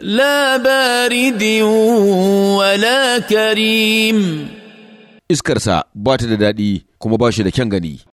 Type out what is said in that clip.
لا بارد ولا كريم iskarsa ba ta da daɗi kuma ba shi da kyan gani